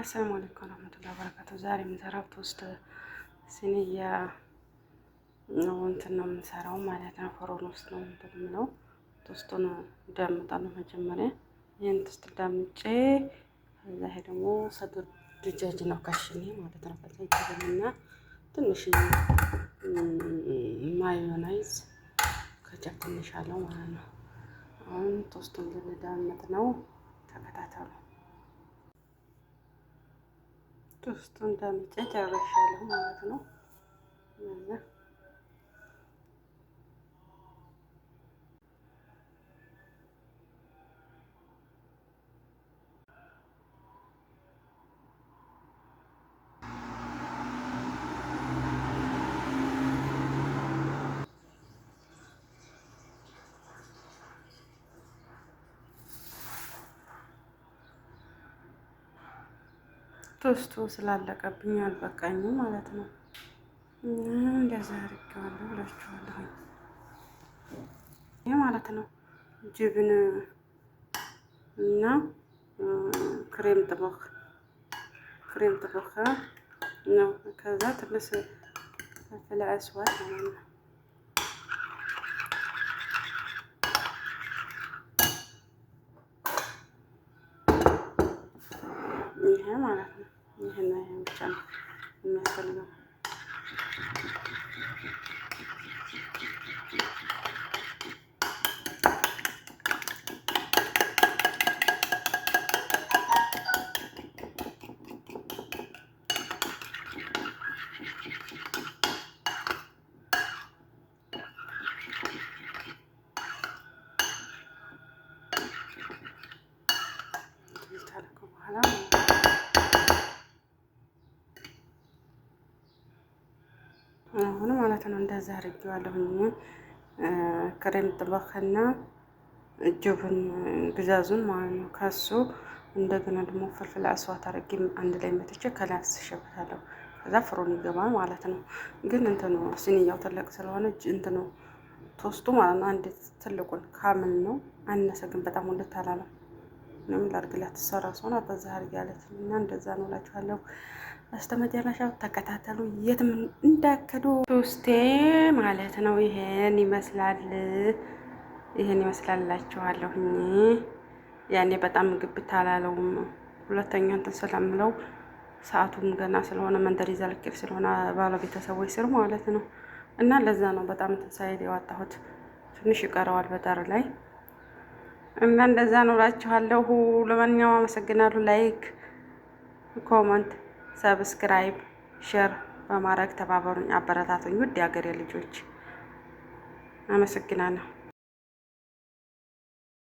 አሰላሙ አለይኩም ወራህመቱላሂ ወበረካቱ። ዛሬ የምንሰራው ቶስት ሲኒያ ነው። እንትን ነው የምንሰራው ማለት ነው። ፎሮን ውስጥ ነው እንትን የምለው ቶስቱን እዳምጣለሁ መጀመሪያ። ይህን ቶስት ዳምጬ ከዛ ይሄ ደግሞ ሰዱር ድጃጅ ነው ካሽኒ ማለት ነው። ከዛ ይገባና ትንሽ ማዮናይዝ ከጨብ ትንሽ አለው ማለት ነው። አሁን ቶስቱን ልንዳምጥ ነው። ተከታተሉ። ሶስቱን ዳምጬ ጨርሻለሁ ማለት ነው። ቶስቱ ስላለቀብኝ አልበቃኝ ማለት ነው። እንደዛ አድርጌዋለሁ ብላችኋለሁ ይህ ማለት ነው። ጅብን እና ክሬም ጥቦክ ክሬም ጥቦክ ነው። ከዛ ትንሽ ፍልፍል አስዋድ ማለት ነው ይሄ ማለት ነው። ይህና ይህን ብቻ ነው የሚያስፈልገው። ታደርገው በኋላ አሁን ማለት ነው። እንደዛ አድርጌዋለሁኝ። ክሬም ጥበክና ጅብን ግዛዙን ማለት ነው። ከሱ እንደገና ደግሞ ፍልፍል አስዋት አድርጌ አንድ ላይ መትቼ ከላይ አስሸበታለሁ። ከዛ ፍሮን ይገባል ማለት ነው። ግን እንትኑ ሲኒያው ትልቅ ስለሆነ እንትኑ ቶስቱ ማለት ነው። አንድ ትልቁን ካምል ነው አነሰ ግን በጣም ወደት አላለም። ምንም ላርግላ ትሰራ ሰሆን አበዛ አድርጊያለች እና እንደዛ ነው እላችኋለሁ። በስተመጨረሻው ተከታተሉ፣ የትም እንዳከዱ ሶስቴ ማለት ነው። ይሄን ይመስላል ይሄን ይመስላላችኋለሁኝ። ያኔ በጣም ግብት አላለውም። ሁለተኛ እንትን ስለምለው ሰዓቱም ገና ስለሆነ መንደር ይዘልቅል ስለሆነ ቤተሰቦች ስር ማለት ነው እና ለዛ ነው በጣም እንትን ሳይል የዋጣሁት። ትንሽ ይቀረዋል በዳር ላይ እና እንደዛ ነው እላችኋለሁ። ለማንኛውም አመሰግናለሁ ላይክ ኮመንት ሰብስክራይብ፣ ሼር በማድረግ ተባበሩኝ፣ አበረታቱኝ ውድ የሀገሬ ልጆች አመሰግናለሁ።